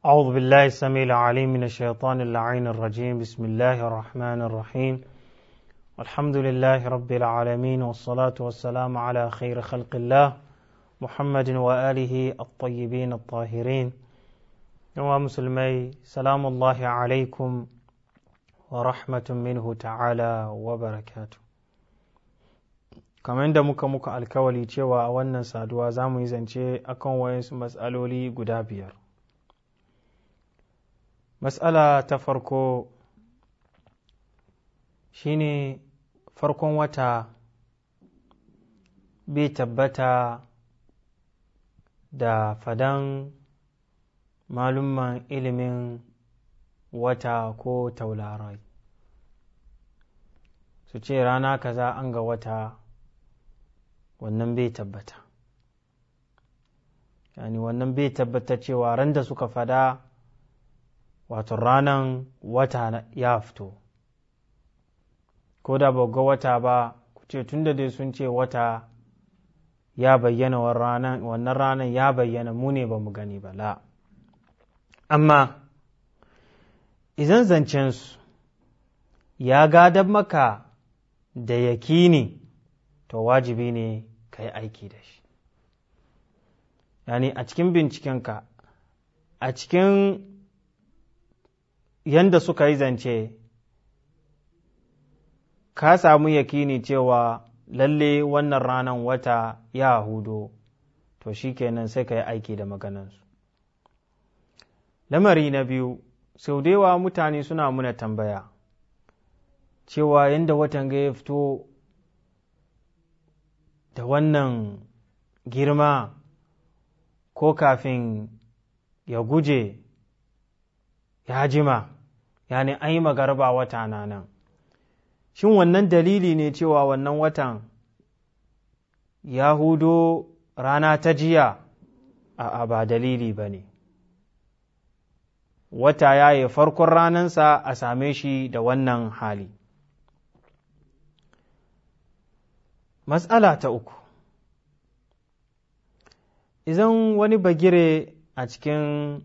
أعوذ بالله السميع العليم من الشيطان اللعين الرجيم بسم الله الرحمن الرحيم الحمد لله رب العالمين والصلاة والسلام على خير خلق الله محمد وآله الطيبين الطاهرين يا مسلمي سلام الله عليكم ورحمة منه تعالى وبركاته kamar yadda muka muka alkawali cewa a wannan saduwa za mu yi zance akan wayansu matsaloli guda biyar matsala ta farko shine farkon wata bai tabbata da fadan malumman ilimin wata ko taularai su ce rana kaza an ga wata wannan bai tabbata yani wannan bai tabbata cewa ran da suka fada wato ranan wata ya fito ko da ba ga wata ba ku ce tun da dai sun ce wata ya bayyana wannan ranan ya bayyana mu ne ba mu gani ba la amma izan zancensu ya gadar maka da yakini to wajibi ne ka yi aiki da shi yani a cikin bincikenka a cikin yanda suka yi zance ka samu yakini cewa lalle wannan ranan wata ya hudo to shi kenan sai ka yi aiki da maganansu lamari na biyu sau da mutane suna muna tambaya cewa yadda watan ga ya fito da wannan girma ko kafin ya guje ya jima yani an yi magarba wata na nan shin wannan dalili ne cewa wannan watan ya hudo rana ta jiya a ba dalili ba ne wata ya yi farkon ranansa a same shi da wannan hali matsala ta uku idan wani bagire a cikin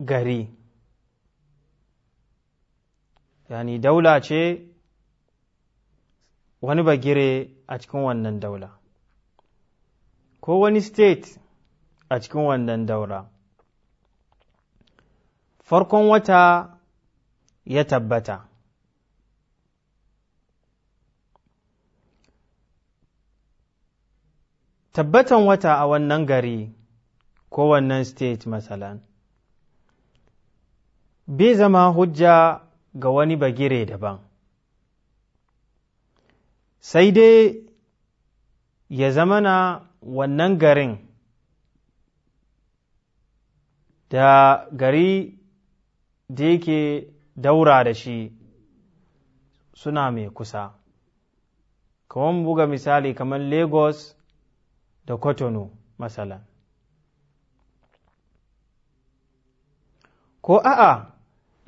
gari yani daula ce wani bagire a cikin wannan daula ko wani state a cikin wannan daura farkon wata ya tabbata tabbatan wata a wannan gari ko wannan state matsalan bai zama hujja ga wani bagire daban sai dai ya zama na wannan garin da gari da yake daura da shi suna mai kusa kawon buga misali kamar lagos da kotono masala ko a'a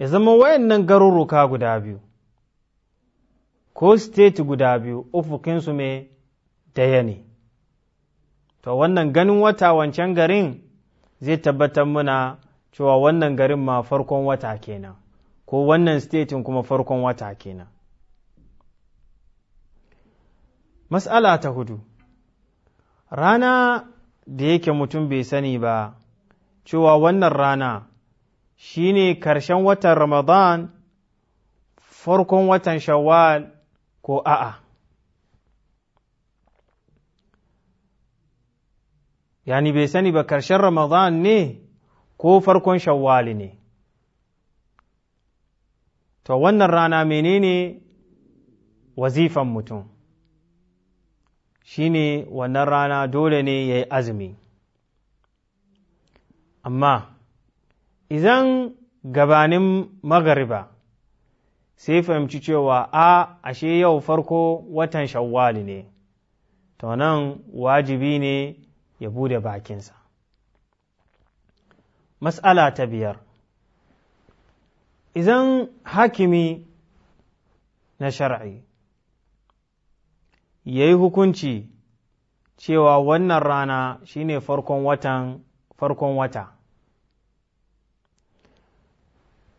ya zama wayannan garuruka guda biyu ko state guda biyu ufukinsu mai daya ne to wannan ganin wata wancan garin zai tabbatar muna cewa wannan garin ma farkon wata kenan ko wannan statin kuma farkon wata kenan mas'ala ta hudu rana da yake mutum bai sani ba cewa wannan rana shine karshen watan Ramadan farkon watan Shawwal ko a'a. Yani bai sani ba karshen Ramadan ne ko farkon Shawwal ne. To wannan rana menene wazifan mutum, shi ne wannan rana dole ne ya yi azumi. Amma, idan gabanin magariba sai fahimci cewa a ashe yau farko watan shawwali ne to nan wajibi ne ya bude bakinsa mas'ala ta biyar idan hakimi na shar'i ya yi hukunci cewa wannan rana shine farkon watan farkon wata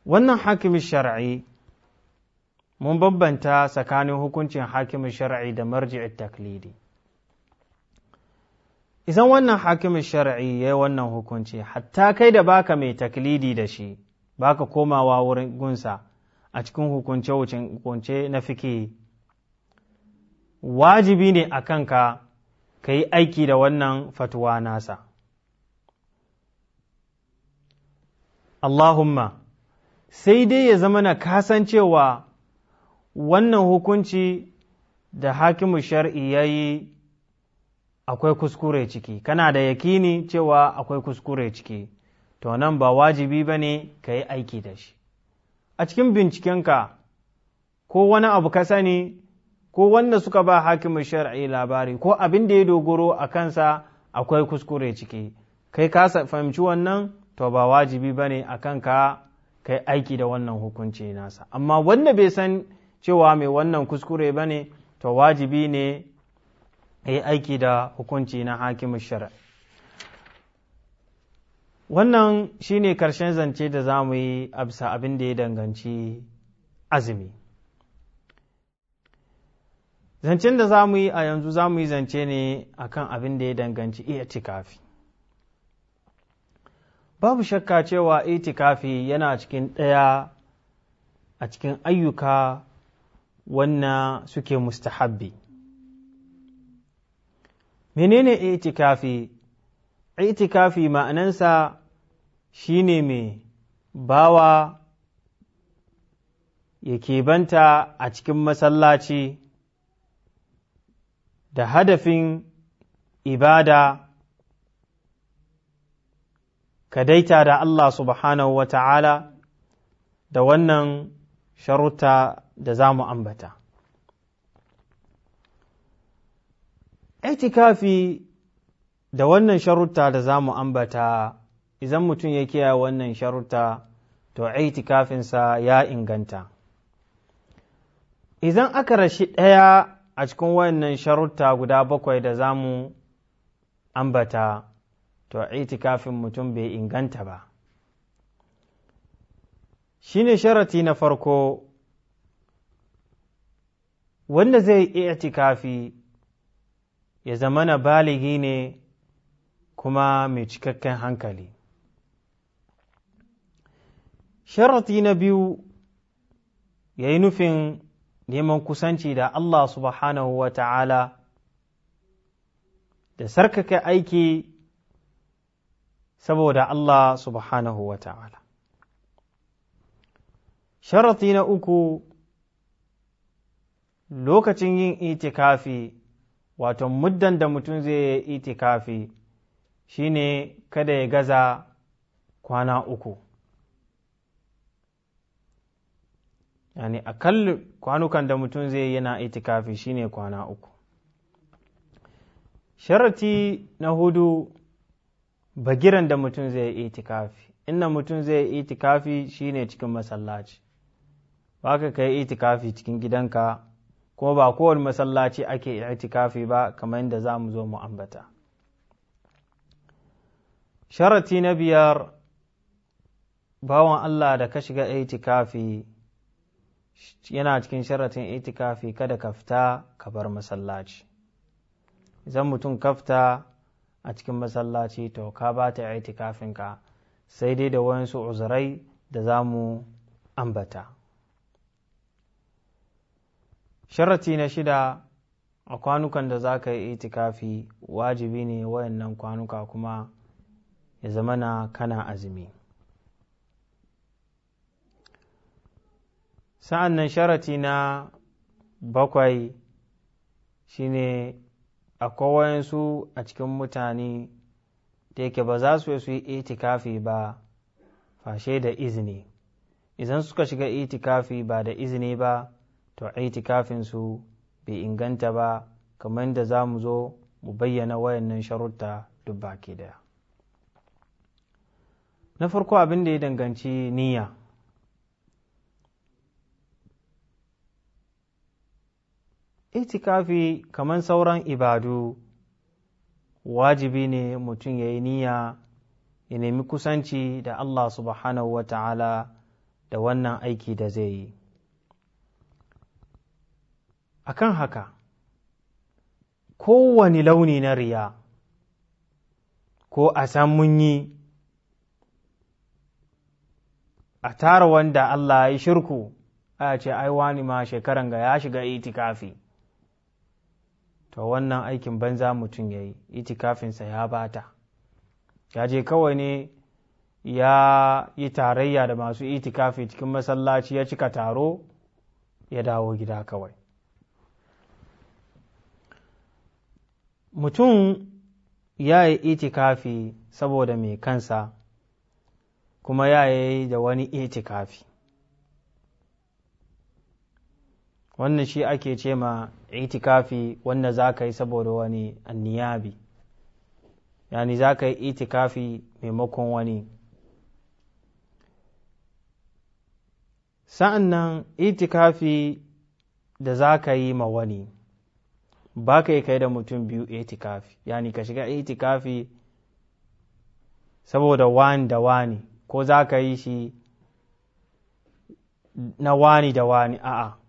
wannan hakimin shar'i mun bambanta tsakanin hukuncin hakimin shar'i da marji taklidi isan wannan hakimin shar'i ya yi wannan hukunci hatta kai da baka mai taklidi da shi baka komawa wurin gunsa a cikin hukunce-hukunce na fiki wajibi ne a kanka ka yi aiki da wannan fatuwa nasa Allahumma sai dai ya zama na kasancewa wannan hukunci da hakimu shar'i ya yi akwai kuskure ciki kana da yakini cewa akwai kuskure ciki to nan ba wajibi ba ne ka yi aiki da shi a cikin bincikenka ko wani abu ka sani ko wanda suka ba hakimin shar'i labari ko abin da ya dogoro a kansa akwai kuskure ciki kai ka fahimci wannan to ba wajibi ba ne a kanka kai aiki da wannan hukunci nasa amma wanda bai san cewa mai wannan kuskure ba ne to wajibi ne ya yi aiki da hukunci na hakimu shara wannan ne karshen zance da za mu yi bisa abin da ya danganci azumi zancen da za mu yi a yanzu za mu yi zance ne akan abin da ya danganci iya tikafi babu shakka cewa itikafi yana cikin ɗaya a cikin ayyuka wannan suke mustahabbi menene itikafi itikafi ma'anansa shine mai bawa yake banta a cikin masallaci da hadafin ibada ka daita da Allah subhanahu wa ta'ala da wannan sharuta da za mu ambata. Itikafi da wannan sharuta da za mu ambata, idan mutum ya kiyaye wannan sharuta, to itikafinsa ya inganta. Idan aka rashi ɗaya a cikin wannan sharuta guda bakwai da za mu ambata, to itikafin mutum bai inganta ba shine sharati na farko wanda zai itikafi ya zama zamana baligi ne kuma mai cikakken hankali sharati na biyu ya yi nufin neman kusanci da Allah subhanahu wa ta'ala da sarkaka aiki saboda Allah subhanahu wa ta'ala. Sharati na uku lokacin yin itikafi wato muddan da mutum zai yi itikafi shine kada ya gaza kwana uku. Yani akal kwanukan da mutum zai yana itikafi shine kwana uku. Sharati na hudu bagiran da mutum zai yi itikafi inda mutum zai yi itikafi shine cikin masallaci ba ka kai itikafi cikin gidanka kuma ba kowane masallaci ake itikafi ba kamar yadda za mu zo mu ambata sharati na biyar bawan Allah da ka shiga itikafi yana cikin sharatin itikafi kada ka fita ka bar masallaci zan mutum kafta a cikin masallaci to ka ba ta kafin ka sai dai da wayansu uzurai da za mu ambata sharati na shida a kwanukan da za ka yi itikafi wajibi ne wayannan kwanuka kuma ya zama na kana azumi sa'an nan sharati na bakwai shine akwai wayansu a cikin mutane da yake ba za su yi su yi itikafi ba fashe da izini idan suka shiga itikafi ba da izini ba to itikafinsu bai inganta ba kamar da za mu zo mu bayyana wayannan sharuta duk baki ɗaya. na farko abin da ya danganci niyya itikafi kamar sauran ibadu wajibi ne mutum ya yi niyya ya nemi kusanci da Allah subhanahu wa ta'ala da wannan aiki da zai yi A kan haka kowane launi na riya ko a san mun yi a tara wanda Allah ya shirku a ce ai ma shekaran ga ya shiga itikafi to wannan aikin banza mutum ya yi itikafinsa ya bata ya je kawai ne ya yi tarayya da masu itikafi cikin masallaci ya cika taro ya dawo gida kawai mutum ya yi itikafi saboda mai kansa kuma ya yi da wani itikafi wannan shi ake ce ma itikafi wanda za ka yi saboda wani anniyabi yani za ka yi itikafi maimakon wani sa'an nan itikafi da za ka yi ma wani ba ka yi kai da mutum biyu itikafi yani ka shiga itikafi saboda wani da wani ko za ka yi shi na wani da wani a'a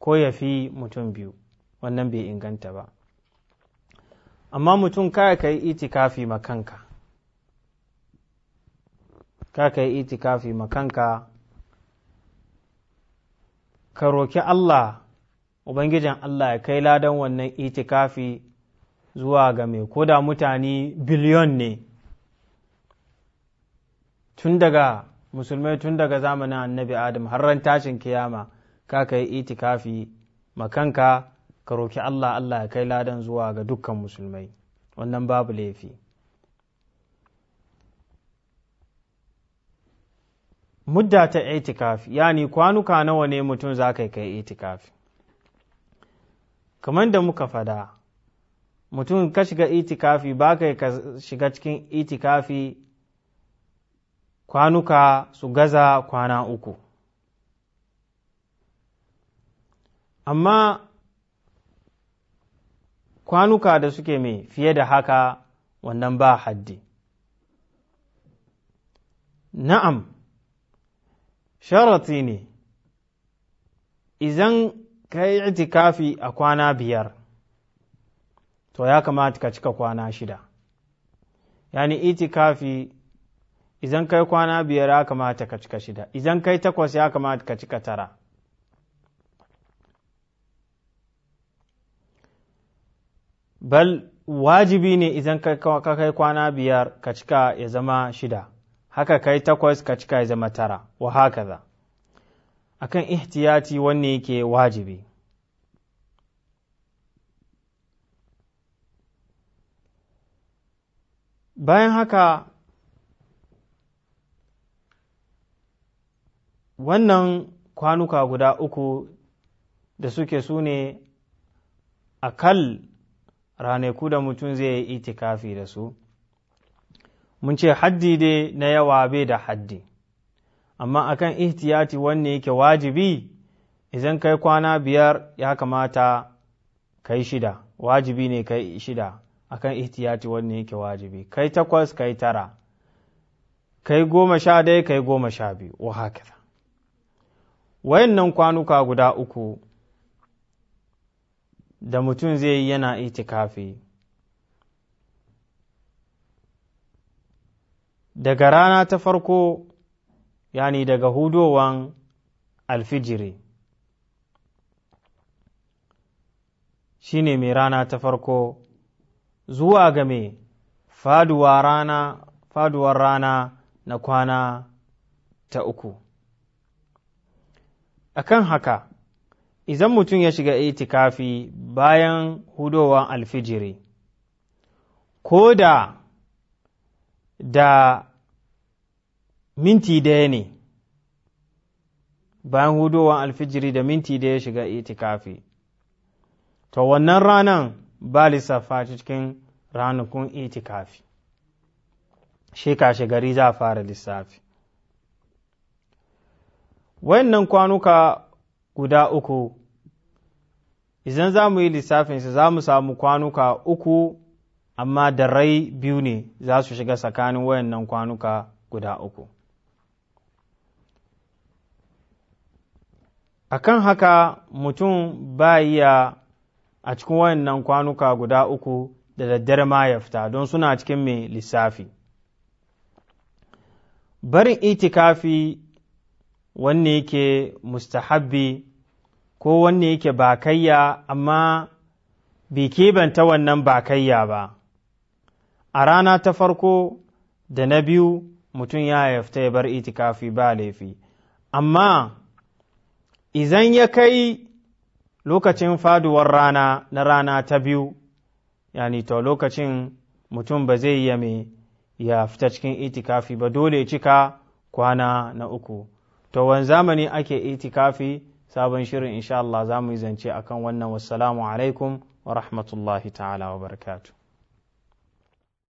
ko ya fi mutum biyu wannan bai inganta ba amma mutum kaya ka yi itikafi makanka ka ka yi itikafi makanka ka roki Allah Ubangijin Allah ya kai ladan wannan itikafi zuwa ga mai koda mutane biliyon ne tun daga musulmai tun daga zamanin annabi adam har ran tashin kiyama ka ka yi itikafi makanka ka roki Allah Allah ya kai ladan zuwa ga dukkan musulmai wannan babu laifi mudda ta itikafi yani kwanuka nawa ne mutum za ka kai itikafi kamar da muka fada mutum ka shiga itikafi ba ka shiga cikin itikafi kwanuka su gaza kwana uku amma kwanuka da suke mai fiye da haka wannan ba haddi na'am sharati ne izan ka yi itikafi a kwana biyar to ya kamata ka cika kwana shida yani itikafi izan kai kwana biyar ya kamata ka cika shida izan kai takwas ya kamata ka cika tara bal wajibi ne idan ka kai kwana biyar ka cika ya zama shida haka kai takwas ka cika ya zama tara wa haka za akan ihtiyati wanne yake wajibi bayan haka wannan kwanuka guda uku da suke su ne akal ranaku da mutum zai yi itikafi da su mun ce haddi dai na yawa bai da haddi amma akan ihtiyati wanne yake wajibi idan kai kwana biyar ya kamata kai shida wajibi ne kai shida akan ihtiyati wanne yake wajibi kai takwas kai tara kai goma sha ɗaya kai goma sha biyu wa haka wayannan kwanuka guda uku da mutum zai yi yana itikafi daga rana ta farko yani daga hudowan alfijiri shi ne mai rana ta farko zuwa ga mai faduwar rana, faduwar rana na kwana ta uku akan haka Izan mutum ya shiga itikafi bayan hudowar alfijiri ko da da minti daya ne bayan hudowar alfijiri da minti daya shiga itikafi to wannan ranan ba lissafa cikin ranakun itikafi shi gari za a fara lissafi wayannan kwanuka guda uku idan za mu yi lissafinsa, za mu samu kwanuka uku amma da rai biyu ne za su shiga tsakanin wayannan kwanuka guda uku A kan haka mutum ba iya a cikin wayannan kwanuka guda uku da daddare ma ya fita don suna cikin mai lissafi barin itikafi wanne yake mustahabbi ko wanne yake bakayya amma bai kebanta wannan bakayya ba a rana ta farko da na biyu mutum ya yafta ya bar itikafi ba laifi amma izan ya kai lokacin faduwar rana na rana ta biyu yani to lokacin mutum ba zai yame ya fita cikin itikafi ba dole cika kwana na uku to wani zamani ake itikafi sabon shirin insha Allah za mu yi zance akan wannan wassalamu alaikum wa rahmatullahi ta'ala wa barakatu